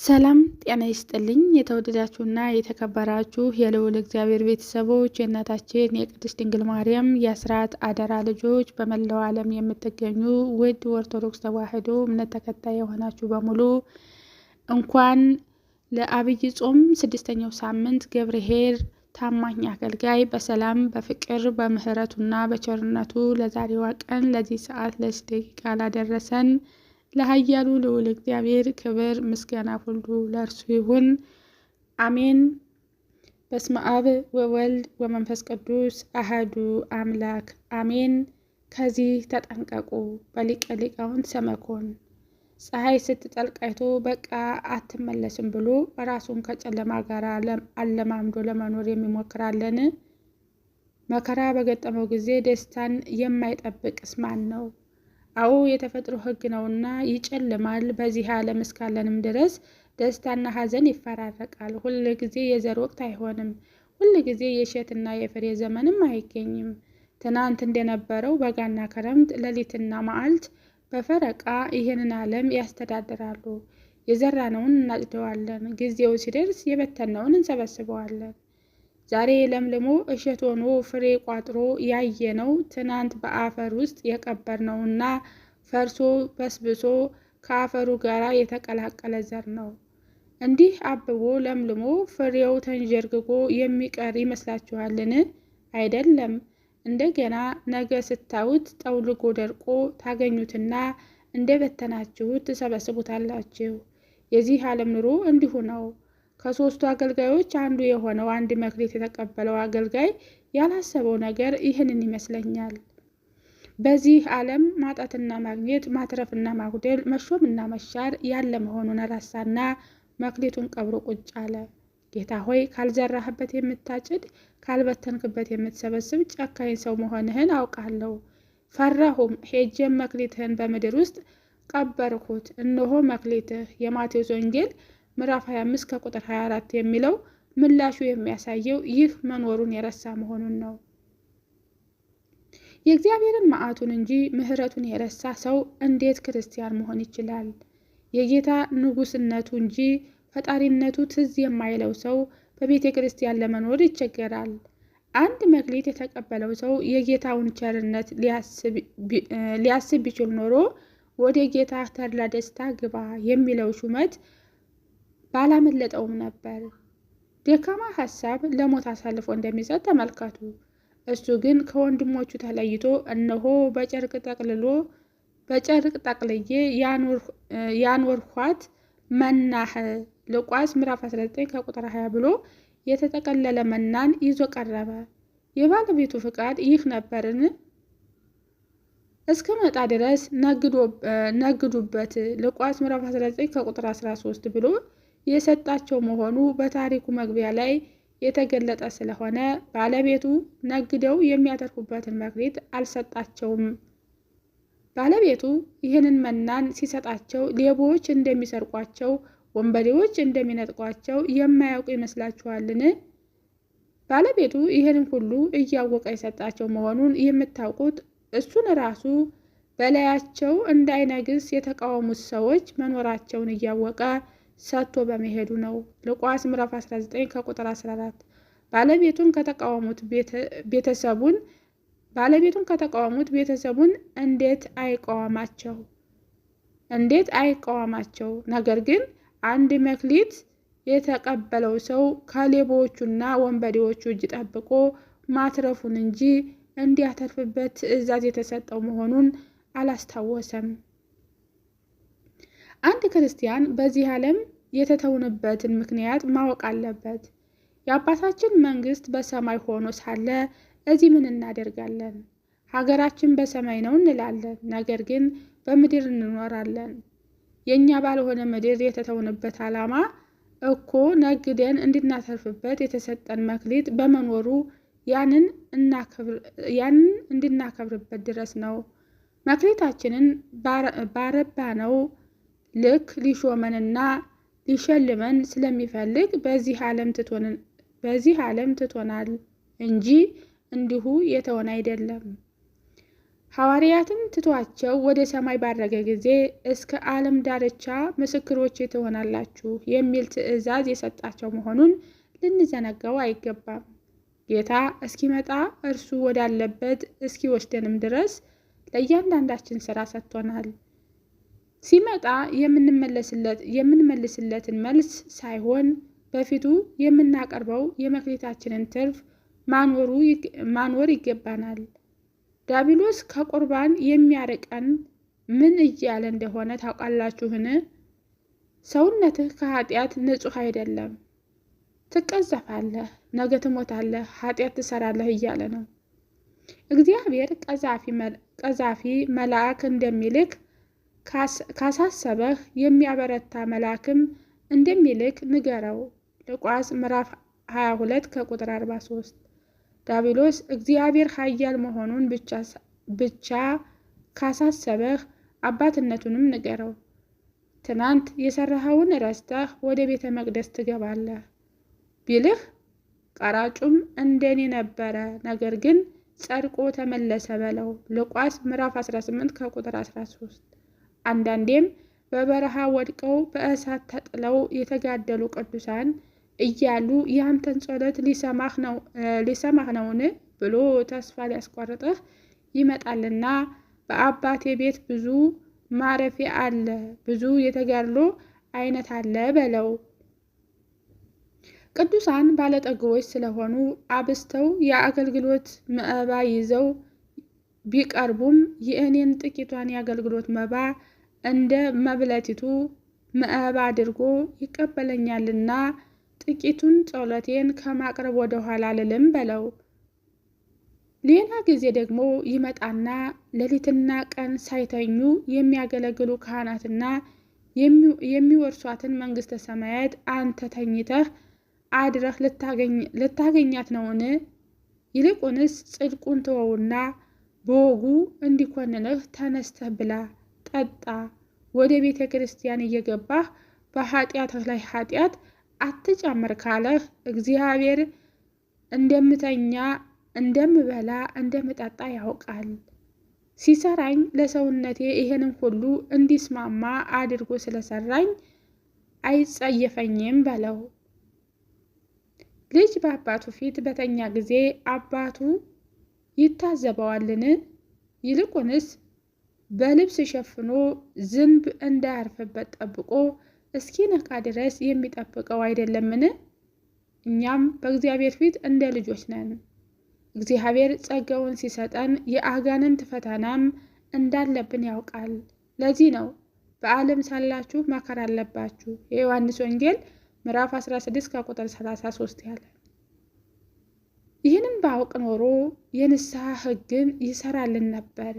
ሰላም ጤና ይስጥልኝ። የተወደዳችሁና የተከበራችሁ የልዑል እግዚአብሔር ቤተሰቦች የእናታችን የቅድስት ድንግል ማርያም የአስራት አደራ ልጆች በመላው ዓለም የምትገኙ ውድ ኦርቶዶክስ ተዋሕዶ እምነት ተከታይ የሆናችሁ በሙሉ እንኳን ለአብይ ጾም ስድስተኛው ሳምንት ገብርሄር ታማኝ አገልጋይ በሰላም በፍቅር በምሕረቱና በቸርነቱ ለዛሬዋ ቀን ለዚህ ሰዓት ለዚህ ደቂቃ ላደረሰን ለኃያሉ ልዑል እግዚአብሔር ክብር ምስጋና ሁሉ ለእርሱ ይሁን፣ አሜን። በስመ አብ ወወልድ ወመንፈስ ቅዱስ አህዱ አምላክ አሜን። ከዚህ ተጠንቀቁ። በሊቀ ሊቃውንት ሰመኮን ፀሐይ ስትጠልቅ አይቶ በቃ አትመለስም ብሎ ራሱን ከጨለማ ጋር አለማምዶ ለመኖር የሚሞክራለን። መከራ በገጠመው ጊዜ ደስታን የማይጠብቅስ ማን ነው? አዎ የተፈጥሮ ህግ ነውና ይጨልማል። በዚህ ዓለም እስካለንም ድረስ ደስታና ሐዘን ይፈራረቃል። ሁል ጊዜ የዘር ወቅት አይሆንም። ሁል ጊዜ የእሸትና የፍሬ ዘመንም አይገኝም። ትናንት እንደነበረው በጋና ክረምት፣ ሌሊትና መዓልት በፈረቃ ይህንን ዓለም ያስተዳድራሉ። የዘራነውን እናጭደዋለን። ጊዜው ሲደርስ የበተነውን እንሰበስበዋለን። ዛሬ ለምልሞ እሸት ሆኖ ፍሬ ቋጥሮ ያየነው ትናንት በአፈር ውስጥ የቀበርነውና ፈርሶ በስብሶ ከአፈሩ ጋር የተቀላቀለ ዘር ነው። እንዲህ አብቦ ለምልሞ ፍሬው ተንዠርግጎ የሚቀር ይመስላችኋልን? አይደለም። እንደገና ነገ ስታዩት ጠውልጎ ደርቆ ታገኙትና እንደ በተናችሁት ትሰበስቡታላችሁ። የዚህ ዓለም ኑሮ እንዲሁ ነው። ከሶስቱ አገልጋዮች አንዱ የሆነው አንድ መክሊት የተቀበለው አገልጋይ ያላሰበው ነገር ይህንን ይመስለኛል። በዚህ ዓለም ማጣትና ማግኘት፣ ማትረፍና ማጉደል፣ መሾምና መሻር ያለ መሆኑን ረሳና መክሊቱን ቀብሮ ቁጭ አለ። ጌታ ሆይ ካልዘራህበት የምታጭድ ካልበተንክበት የምትሰበስብ ጨካኝ ሰው መሆንህን አውቃለሁ። ፈራሁም፣ ሄጄም መክሊትህን በምድር ውስጥ ቀበርኩት። እነሆ መክሊትህ የማቴዎስ ወንጌል ምዕራፍ 25 ከቁጥር 24 የሚለው ምላሹ የሚያሳየው ይህ መኖሩን የረሳ መሆኑን ነው። የእግዚአብሔርን መዓቱን እንጂ ምሕረቱን የረሳ ሰው እንዴት ክርስቲያን መሆን ይችላል? የጌታ ንጉስነቱ እንጂ ፈጣሪነቱ ትዝ የማይለው ሰው በቤተ ክርስቲያን ለመኖር ይቸገራል። አንድ መክሊት የተቀበለው ሰው የጌታውን ቸርነት ሊያስብ ቢችል ኖሮ ወደ ጌታ ተድላ ደስታ ግባ የሚለው ሹመት ባላመለጠውም ነበር። ደካማ ሀሳብ ለሞት አሳልፎ እንደሚሰጥ ተመልከቱ። እሱ ግን ከወንድሞቹ ተለይቶ እነሆ በጨርቅ ጠቅልሎ በጨርቅ ጠቅልዬ ያኖርኳት መናህ ልቋስ ምዕራፍ 19 ከቁጥር 20 ብሎ የተጠቀለለ መናን ይዞ ቀረበ። የባለቤቱ ፍቃድ ይህ ነበርን? እስከ መጣ ድረስ ነግዱበት ልቋስ ምዕራፍ 19 ከቁጥር 13 ብሎ የሰጣቸው መሆኑ በታሪኩ መግቢያ ላይ የተገለጠ ስለሆነ ባለቤቱ ነግደው የሚያተርፉበትን መክሊት አልሰጣቸውም። ባለቤቱ ይህንን መናን ሲሰጣቸው ሌቦዎች እንደሚሰርቋቸው፣ ወንበዴዎች እንደሚነጥቋቸው የማያውቁ ይመስላችኋልን? ባለቤቱ ይህንን ሁሉ እያወቀ የሰጣቸው መሆኑን የምታውቁት እሱን ራሱ በላያቸው እንዳይነግስ የተቃወሙት ሰዎች መኖራቸውን እያወቀ ሰጥቶ በመሄዱ ነው። ሉቃስ ምዕራፍ 19 ከቁጥር 14 ባለቤቱን ከተቃወሙት ቤተሰቡን ባለቤቱን ከተቃወሙት ቤተሰቡን እንዴት አይቃወማቸው እንዴት አይቃወማቸው? ነገር ግን አንድ መክሊት የተቀበለው ሰው ከሌቦዎቹና ወንበዴዎቹ እጅ ጠብቆ ማትረፉን እንጂ እንዲያተርፍበት እዛዝ የተሰጠው መሆኑን አላስታወሰም። አንድ ክርስቲያን በዚህ ዓለም የተተውንበትን ምክንያት ማወቅ አለበት። የአባታችን መንግሥት በሰማይ ሆኖ ሳለ እዚህ ምን እናደርጋለን? ሀገራችን በሰማይ ነው እንላለን፣ ነገር ግን በምድር እንኖራለን። የእኛ ባልሆነ ምድር የተተውንበት ዓላማ እኮ ነግደን እንድናተርፍበት የተሰጠን መክሊት በመኖሩ ያንን እንድናከብርበት ድረስ ነው። መክሊታችንን ባረባ ነው ልክ ሊሾመንና ሊሸልመን ስለሚፈልግ በዚህ ዓለም ትቶናል እንጂ እንዲሁ የተወን አይደለም። ሐዋርያትም ትቷቸው ወደ ሰማይ ባረገ ጊዜ እስከ ዓለም ዳርቻ ምስክሮቼ ትሆናላችሁ የሚል ትእዛዝ የሰጣቸው መሆኑን ልንዘነጋው አይገባም። ጌታ እስኪመጣ እርሱ ወዳለበት እስኪወስደንም ድረስ ለእያንዳንዳችን ስራ ሰጥቶናል። ሲመጣ የምንመልስለትን መልስ ሳይሆን በፊቱ የምናቀርበው የመክሌታችንን ትርፍ ማኖር ይገባናል። ዳቢሎስ ከቁርባን የሚያርቀን ምን እያለ እንደሆነ ታውቃላችሁን? ሰውነትህ ከኃጢአት ንጹህ አይደለም፣ ትቀዘፋለህ፣ ነገ ትሞታለህ፣ ኃጢአት ትሰራለህ እያለ ነው። እግዚአብሔር ቀዛፊ መልአክ እንደሚልክ ካሳሰበህ የሚያበረታ መልአክም እንደሚልክ ንገረው። ልቋስ ምዕራፍ 22 ከቁጥር 43። ዳቢሎስ እግዚአብሔር ኃያል መሆኑን ብቻ ካሳሰበህ አባትነቱንም ንገረው። ትናንት የሰራኸውን ረስተህ ወደ ቤተ መቅደስ ትገባለህ ቢልህ ቀራጩም እንደኔ ነበረ፣ ነገር ግን ጸድቆ ተመለሰ በለው። ልቋስ ምዕራፍ 18 ከቁጥር 13 አንዳንዴም በበረሃ ወድቀው በእሳት ተጥለው የተጋደሉ ቅዱሳን እያሉ ያንተን ጸሎት ሊሰማህ ነውን ብሎ ተስፋ ሊያስቆርጥህ ይመጣልና በአባቴ ቤት ብዙ ማረፊያ አለ፣ ብዙ የተጋድሎ አይነት አለ በለው። ቅዱሳን ባለጠግቦች ስለሆኑ አብስተው የአገልግሎት መባ ይዘው ቢቀርቡም የእኔን ጥቂቷን የአገልግሎት መባ እንደ መብለቲቱ ምዕብ አድርጎ ይቀበለኛልና ጥቂቱን ጸሎቴን ከማቅረብ ወደ ኋላ ልልም በለው። ሌላ ጊዜ ደግሞ ይመጣና ሌሊትና ቀን ሳይተኙ የሚያገለግሉ ካህናትና የሚወርሷትን መንግሥተ ሰማያት አንተ ተኝተህ አድረህ ልታገኛት ነውን? ይልቁንስ ጽድቁን ተወውና በወጉ እንዲኮንንህ ተነስተህ ብላ ጠጣ። ወደ ቤተ ክርስቲያን እየገባህ በኃጢአትህ ላይ ኃጢአት አትጨምር ካለህ እግዚአብሔር እንደምተኛ እንደምበላ እንደምጠጣ ያውቃል። ሲሰራኝ ለሰውነቴ ይሄንን ሁሉ እንዲስማማ አድርጎ ስለሰራኝ አይጸየፈኝም በለው። ልጅ በአባቱ ፊት በተኛ ጊዜ አባቱ ይታዘበዋልን? ይልቁንስ በልብስ ሸፍኖ ዝንብ እንዳያርፍበት ጠብቆ ነቃ ድረስ የሚጠብቀው አይደለምን? እኛም በእግዚአብሔር ፊት እንደ ልጆች ነን። እግዚአብሔር ጸጋውን ሲሰጠን የአጋንንት ፈተናም እንዳለብን ያውቃል። ለዚህ ነው በዓለም ሳላችሁ መከራ አለባችሁ የዮሐንስ ወንጌል ምዕራፍ 16 ከቁጥር 33 ያለ። ይህንም ባውቅ ኖሮ የንስሐ ሕግን ይሰራልን ነበር።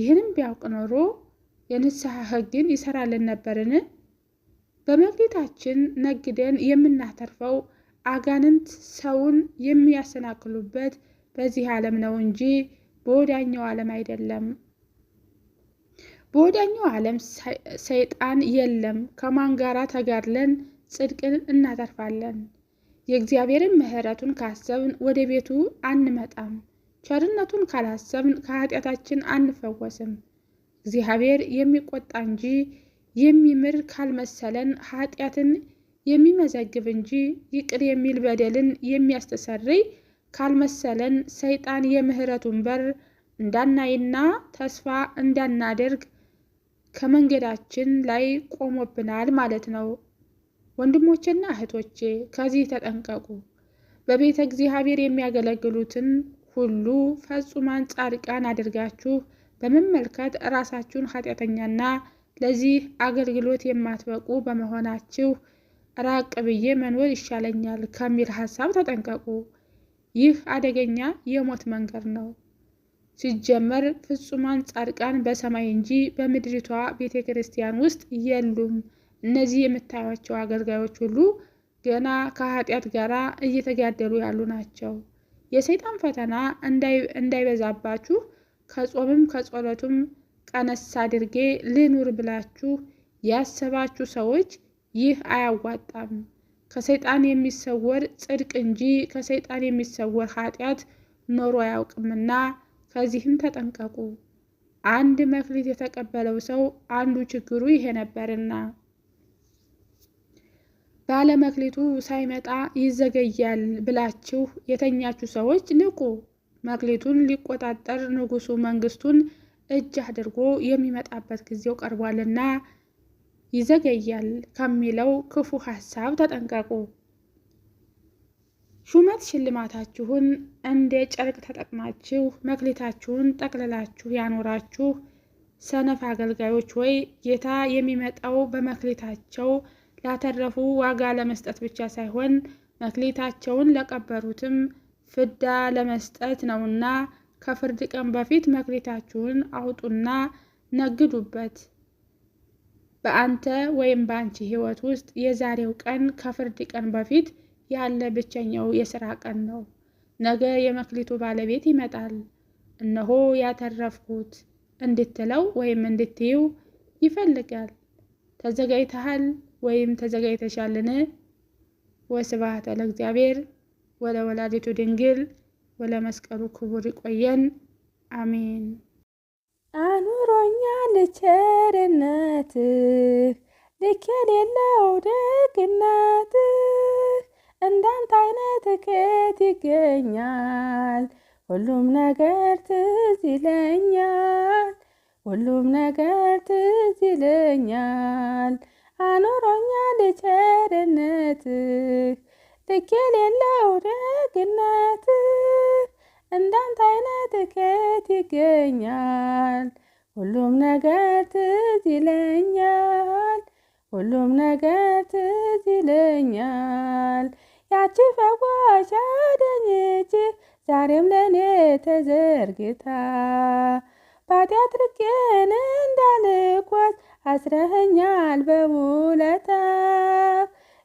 ይህንም ቢያውቅ ኖሮ የንስሐ ህግን ይሰራልን ነበርን? በመክሊታችን ነግደን የምናተርፈው አጋንንት ሰውን የሚያሰናክሉበት በዚህ ዓለም ነው እንጂ በወዳኛው ዓለም አይደለም። በወዳኛው ዓለም ሰይጣን የለም። ከማን ጋር ተጋድለን ጽድቅን እናተርፋለን? የእግዚአብሔርን ምሕረቱን ካሰብን ወደ ቤቱ አንመጣም። ቸርነቱን ካላሰብን ከኃጢአታችን አንፈወስም። እግዚአብሔር የሚቆጣ እንጂ የሚምር ካልመሰለን ኃጢአትን የሚመዘግብ እንጂ ይቅር የሚል በደልን የሚያስተሰርይ ካልመሰለን ሰይጣን የምህረቱን በር እንዳናይና ተስፋ እንዳናደርግ ከመንገዳችን ላይ ቆሞብናል ማለት ነው። ወንድሞቼና እህቶቼ ከዚህ ተጠንቀቁ። በቤተ እግዚአብሔር የሚያገለግሉትን ሁሉ ፈጹማን ጻድቃን አድርጋችሁ በመመልከት ራሳችሁን ኃጢአተኛና ለዚህ አገልግሎት የማትበቁ በመሆናችሁ ራቅ ብዬ መኖር ይሻለኛል ከሚል ሀሳብ ተጠንቀቁ። ይህ አደገኛ የሞት መንገድ ነው። ሲጀመር ፍጹማን ጻድቃን በሰማይ እንጂ በምድሪቷ ቤተ ክርስቲያን ውስጥ የሉም። እነዚህ የምታዩቸው አገልጋዮች ሁሉ ገና ከኃጢአት ጋር እየተጋደሉ ያሉ ናቸው። የሰይጣን ፈተና እንዳይበዛባችሁ ከጾምም ከጸሎቱም ቀነስ አድርጌ ልኑር ብላችሁ ያሰባችሁ ሰዎች ይህ አያዋጣም። ከሰይጣን የሚሰወር ጽድቅ እንጂ ከሰይጣን የሚሰወር ኃጢአት ኖሮ አያውቅምና ከዚህም ተጠንቀቁ። አንድ መክሊት የተቀበለው ሰው አንዱ ችግሩ ይሄ ነበርና ባለመክሊቱ ሳይመጣ ይዘገያል ብላችሁ የተኛችሁ ሰዎች ንቁ። መክሊቱን ሊቆጣጠር ንጉሱ መንግስቱን እጅ አድርጎ የሚመጣበት ጊዜው ቀርቧልና ይዘገያል ከሚለው ክፉ ሀሳብ ተጠንቀቁ። ሹመት ሽልማታችሁን እንደ ጨርቅ ተጠቅማችሁ መክሊታችሁን ጠቅልላችሁ ያኖራችሁ ሰነፍ አገልጋዮች ወይ ጌታ የሚመጣው በመክሊታቸው ያተረፉ ዋጋ ለመስጠት ብቻ ሳይሆን መክሊታቸውን ለቀበሩትም ፍዳ ለመስጠት ነውና ከፍርድ ቀን በፊት መክሊታችሁን አውጡና ነግዱበት። በአንተ ወይም በአንቺ ሕይወት ውስጥ የዛሬው ቀን ከፍርድ ቀን በፊት ያለ ብቸኛው የስራ ቀን ነው። ነገ የመክሊቱ ባለቤት ይመጣል። እነሆ ያተረፍኩት እንድትለው ወይም እንድትይው ይፈልጋል። ተዘጋጅተሃል? ወይም ተዘጋጅተሻልን? ወስብሐት ለእግዚአብሔር ወለወላዲቱ ድንግል ወለመስቀሉ ክቡር። ይቆየን። አሜን። አኑሮኛ ቸርነትህ ልክ የሌለው ደግነትህ፣ እንዳንተ አይነት ከየት ይገኛል? ሁሉም ነገር ትዝ ይለኛል፣ ሁሉም ነገር ትዝ ይለኛል። አኖሮኛ ቸርነትህ ልክ የሌለው ደግነትህ እንዳንተ አይነት ከየት ይገኛል? ሁሉም ነገር ትዝ ይለኛል፣ ሁሉም ነገር ትዝ ይለኛል። ያቺ ፈዋሽ አዳኝች ዛሬም ለእኔ ተዘርግታ አባቴ አትርቄን እንዳልኳት አስረኸኛል በውለታ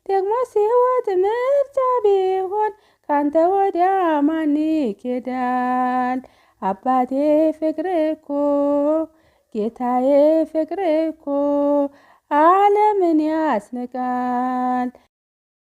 ደግሞ ሲወት ምርጫ ቢሆን ካንተ ወዲያ ማን ይኬዳል? አባቴ ፍቅር እኮ ጌታዬ ፍቅር እኮ ዓለምን ያስንቃል።